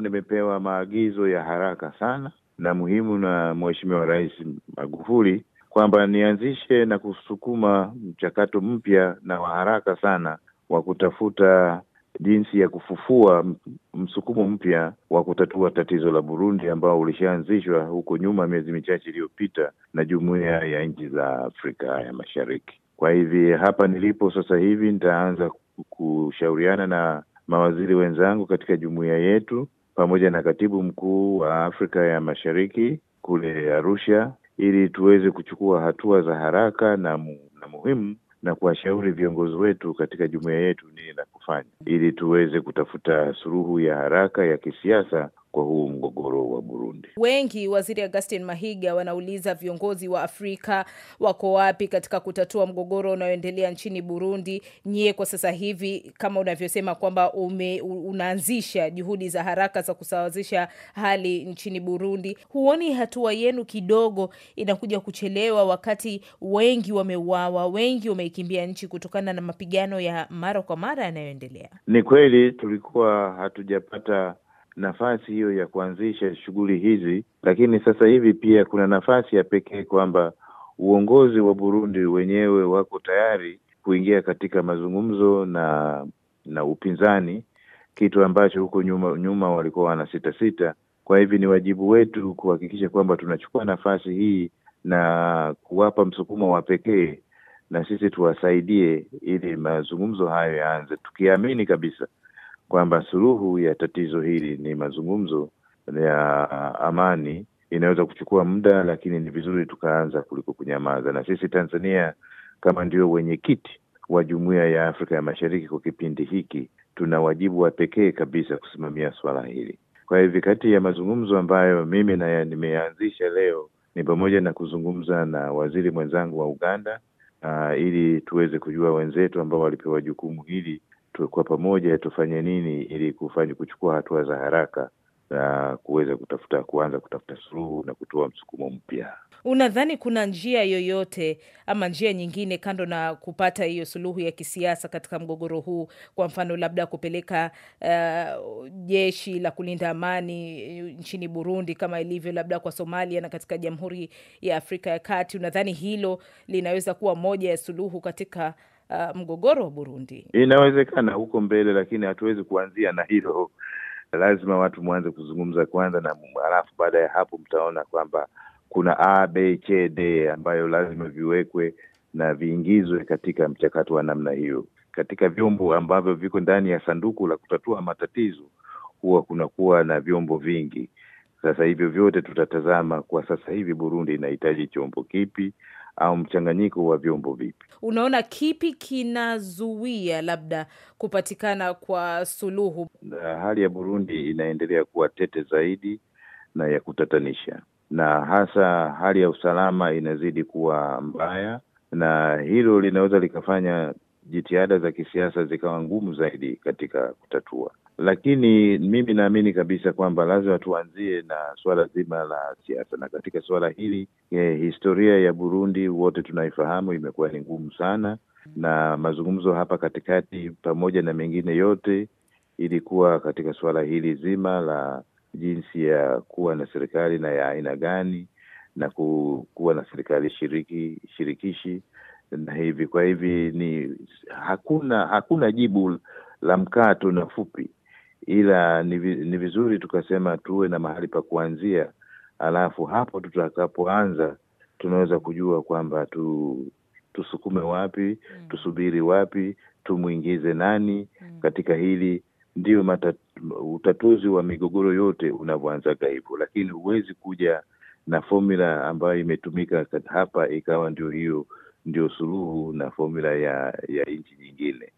sababu nimepewa maagizo ya haraka sana na muhimu na Mheshimiwa Rais Magufuli kwamba nianzishe na kusukuma mchakato mpya na wa haraka sana wa kutafuta jinsi ya kufufua msukumo mpya wa kutatua tatizo la Burundi ambao ulishaanzishwa huko nyuma miezi michache iliyopita na jumuiya ya nchi za Afrika ya Mashariki. Kwa hivi hapa nilipo sasa hivi nitaanza kushauriana na mawaziri wenzangu katika jumuiya yetu pamoja na katibu mkuu wa Afrika ya Mashariki kule Arusha ili tuweze kuchukua hatua za haraka na, mu, na muhimu na kuwashauri viongozi wetu katika jumuiya yetu nini la kufanya ili tuweze kutafuta suluhu ya haraka ya kisiasa kwa huu mgogoro wa Burundi. Wengi, Waziri Augustin Mahiga, wanauliza viongozi wa Afrika wako wapi katika kutatua mgogoro unaoendelea nchini Burundi. Nyie kwa sasa hivi kama unavyosema kwamba ume, unaanzisha juhudi za haraka za kusawazisha hali nchini Burundi, huoni hatua yenu kidogo inakuja kuchelewa, wakati wengi wameuawa, wengi wameikimbia nchi kutokana na mapigano ya mara kwa mara yanayoendelea? Ni kweli tulikuwa hatujapata nafasi hiyo ya kuanzisha shughuli hizi, lakini sasa hivi pia kuna nafasi ya pekee kwamba uongozi wa Burundi wenyewe wako tayari kuingia katika mazungumzo na na upinzani, kitu ambacho huko nyuma nyuma walikuwa sita. Kwa hivi ni wajibu wetu kuhakikisha kwamba tunachukua nafasi hii na kuwapa msukumo wa pekee, na sisi tuwasaidie ili mazungumzo hayo yaanze, tukiamini kabisa kwamba suluhu ya tatizo hili ni mazungumzo ya amani. Inaweza kuchukua muda, lakini ni vizuri tukaanza kuliko kunyamaza. Na sisi Tanzania kama ndio wenyekiti wa Jumuiya ya Afrika ya Mashariki kwa kipindi hiki, tuna wajibu wa pekee kabisa kusimamia swala hili. Kwa hivyo kati ya mazungumzo ambayo mimi na nimeanzisha leo ni pamoja na kuzungumza na waziri mwenzangu wa Uganda, uh, ili tuweze kujua wenzetu ambao walipewa jukumu hili kwa pamoja tufanye nini ili kufanya kuchukua hatua za haraka na kuweza kutafuta kuanza kutafuta suluhu na kutoa msukumo mpya. Unadhani kuna njia yoyote ama njia nyingine kando na kupata hiyo suluhu ya kisiasa katika mgogoro huu? Kwa mfano, labda kupeleka uh, jeshi la kulinda amani uh, nchini Burundi kama ilivyo labda kwa Somalia na katika Jamhuri ya Afrika ya Kati. Unadhani hilo linaweza kuwa moja ya suluhu katika uh, mgogoro wa Burundi? Inawezekana huko mbele, lakini hatuwezi kuanzia na hilo. Lazima watu mwanze kuzungumza kwanza, na halafu baada ya hapo mtaona kwamba kuna a b c d ambayo lazima viwekwe na viingizwe katika mchakato wa namna hiyo. Katika vyombo ambavyo viko ndani ya sanduku la kutatua matatizo huwa kunakuwa na vyombo vingi. Sasa hivyo vyote tutatazama kwa sasa hivi Burundi inahitaji chombo kipi, au mchanganyiko wa vyombo vipi. Unaona kipi kinazuia labda kupatikana kwa suluhu? Na hali ya Burundi inaendelea kuwa tete zaidi na ya kutatanisha, na hasa hali ya usalama inazidi kuwa mbaya, na hilo linaweza likafanya jitihada za kisiasa zikawa ngumu zaidi katika kutatua. Lakini mimi naamini kabisa kwamba lazima tuanzie na suala zima la siasa, na katika suala hili eh, historia ya Burundi wote tunaifahamu, imekuwa ni ngumu sana, na mazungumzo hapa katikati, pamoja na mengine yote, ilikuwa katika suala hili zima la jinsi ya kuwa na serikali na ya aina gani na ku, kuwa na serikali shiriki shirikishi na hivi kwa hivi ni hakuna hakuna jibu la mkato na fupi, ila ni, ni vizuri tukasema tuwe na mahali pa kuanzia, alafu hapo tutakapoanza tunaweza kujua kwamba tu tusukume wapi mm. tusubiri wapi, tumwingize nani mm. katika hili. ndio utatuzi wa migogoro yote unavyoanzaga hivyo, lakini huwezi kuja na fomula ambayo imetumika hapa ikawa ndio hiyo ndio suluhu na fomula ya, ya nchi nyingine.